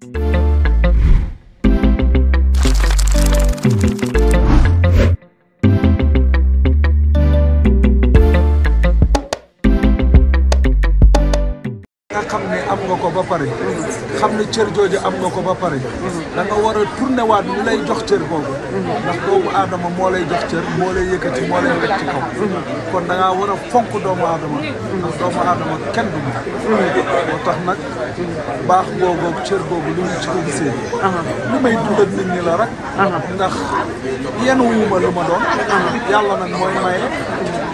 thank you nga ba pare xam ne cër jooju am nga ko ba pare da nga war a tourné waat ñu lay jox cër boobu ndax doomu aadama moo lay jox cër moo lay yëkkati moo lay teg ci kaw kon da ngaa war fonk doomu aadama ndax doomu aadama kenn du mu moo tax nag baax boobu cër boobu lu ñu ci ko may dund nit ñi la rek ndax yenn wuuma lu ma doon yàlla nag mooy maye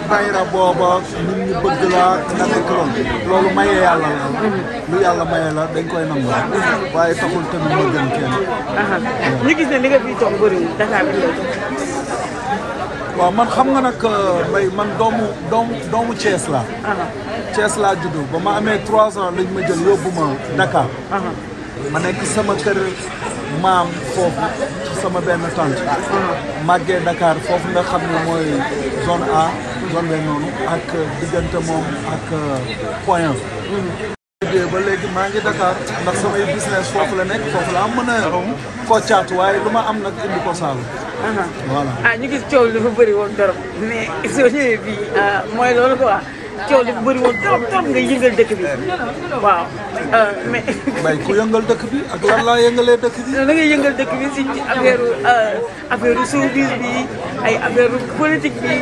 daayira booba nit ñi bëgg laa nga nekk loon loolu mayee yàlla la lu yàlla mayee la dañ koy nangu waaye taxul tamit ma gën kenn ñu gis ne li nga fi toog bëriwul Dakar waaw man xam nga nag euh, mbay man doomu doomu doomu Thiès laa Thiès laa juddoo ba ma amee trois ans lañ ma jël yóbbu ma Dakar ma nekk sama kër maam foofu sama benn tante. màggee Dakar foofu nga xam ne mooy zone A. zone B noonu ak diggante moom ak euh, Poyen. liggéey ba léegi maa ngi Dakar ndax samay business foofu la nekk foofu la am mën a koccaat waaye lu ma am na indi ko Saalum. Uh-huh. voilà ah ñu gis coow li fa bëri woon trop mais soo ñëwee bii ah, mooy loolu quoi. coow li bëri woon trop nga yëngal dëkk bi waaw euh, mais. mbay ku yëngal dëkk bi ak lan laa yëngalee da ngay yëngal dëkk bi si affaire euh, affaire service bi ay affaire politique bi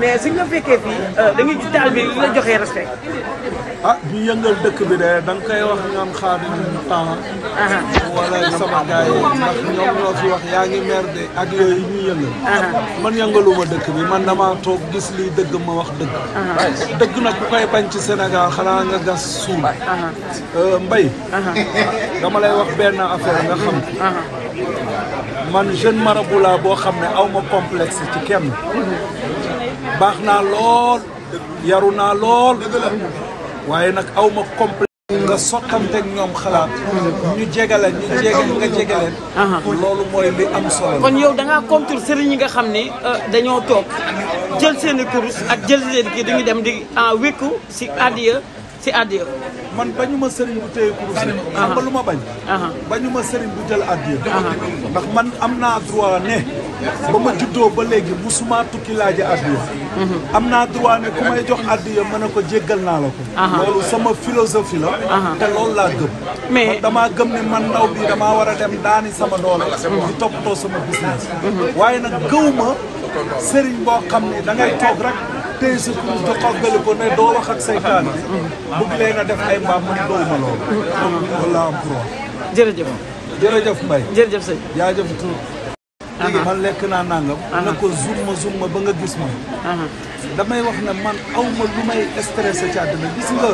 mais suñ la fekkee fii euh, da ngay gis taal bi la joxee respect. ah ñu yëngal dëkk bi de da koy wax ah. ñoom xaadim temps wala sama wax yaa ngi mer de ñu yëngal ah. man yëngaluma dëkk bi man damaa toog gis lii dëgg ma wax dëgg ah. dëgg nag ku koy bañ ci Sénégal xanaa nga gas suul euh, mbay dama lay wax benn affaire nga xam man jeune marabout laa boo xam ne aw ma complexe ci kenn mm-hmm. baax naa lool yaru naa lool waaye nag aw ma complet nga sottanteeg ñoom xalaat. ñu jegale ñu jege nga jegaleen loolu mooy li am solo kon yow da ngaa contre sëriñ yi nga xam ni euh, dañoo toog jël seen i kurus ak jël seen kii dañu dem di en ah, wékku si addiya si addiya man bañu ma sëriñ bu téye kurus xam nga lu ma bañ bañu ma sëriñ bu jël addiya ndax man am naa droit ne ba ma juddoo ba léegi musuma tukki laaji addiya am naa droit ne ku may jox addiya mën a ko jéggal naa la ko loolu sama philosophie la te loolu laa gëm mais damaa gëm ne man ndaw bi damaa war a dem daani sama doole di toppatoo sama business mhm. waaye nag gëwuma sëriñ boo xam ne da ngay toog rek tey sa kuréel da xoggali ko ne doo ak saytaan mhm. bi bëgg leen def ay mbaam man gëwuma loolu mhm. loolu am pour jërëjëf jërëjëf jërëjëf sëñ yaa jëf tuur léegi ma lekk naa nangam na ko zoom ma zoom ma ba nga gis ma damay wax ne man aw ma lu may stressé ci àddina gis nga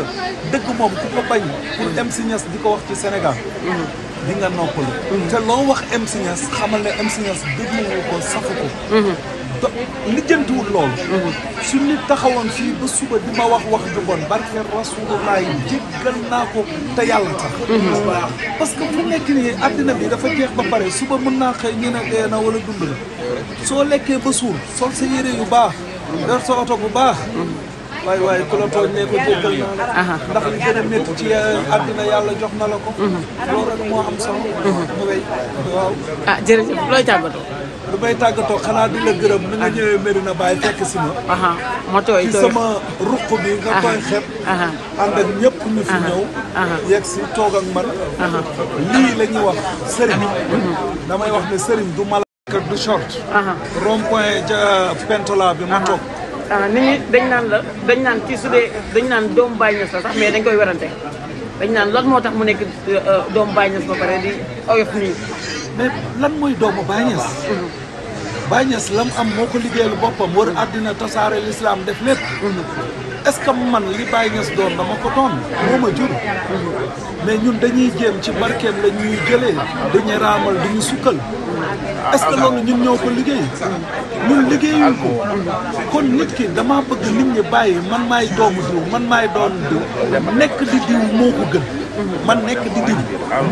dëgg moom ku ko bañ pour MC mm-hmm. Niass di ko wax ci Sénégal mm-hmm. di nga noppalu mm-hmm. te loo wax MC Niass xamal ne MC Niass déglu ko safu ko lijjantiwul loolu. su nit taxawoon fii ba suba di ma wax wax ju bon barke rasulullah jéggal naa ko te yàlla tax. parce que fu nekk nii àddina bi dafa jeex ba pare suba mën naa xëy ñu ne dee na wala dund na soo lekkee ba suur sol sa yére yu baax. yor sa oto bu baax. waaye waaye ku la tooñ ne ko jéggal ndax li gën a métti ci àddina euh, yàlla jox na la ko. Mhm. loolu rek moo am solo. Mhm. waaw ah jërëjëf looy tàggatoo. lu may tàggatoo xanaa di la gërëm ni nga ñëwee Medina Baye fekk si ma. ma tooy ci sama ruq bi nga koy xeeb. ànd ak ñëpp ñu fi ñëw. yegg si toog man. lii la ñuy wax sëriñ. Mhm. damay wax ne sëriñ du malaaka du short. rond point ja pentola bi ma toog. nit dañ naan la dañ naan kii su dee dañ naan doom bàyyi na sax mais dañ koy werante dañ naan lan moo tax mu nekk euh, euh, doom bàyyi na ba pare di oyof nii. mais lan mooy doomu Baye Niass Baye Niass lam am moo ko liggéeyal boppam wër àddina tasaare lislaam def lépp est-ce que man li Baye Niass doon dama ko doon moo ma jur mais ñun dañuy jéem ci barkeem la ñuy jëlee dañuy raamal duñu sukkal est-ce que loolu ñun ñoo ko liggéey ñun liggéeyuñ ko kon nit ki dama bëgg nit ñi bàyyi man maay doomu diw man maay doon diw nekk di diw moo ko gën man nekk di diw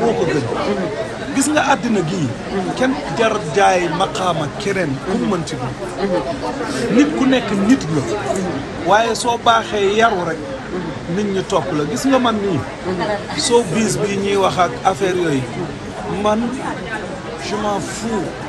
ko gën gis nga àddina gi kenn jar jaay maqaama keneen ku nit ku nekk nit la waaye soo baaxee yaru rek nit ñi topp la gis nga man nii soo biis bi ñuy wax ak affaire yooyu man je m'en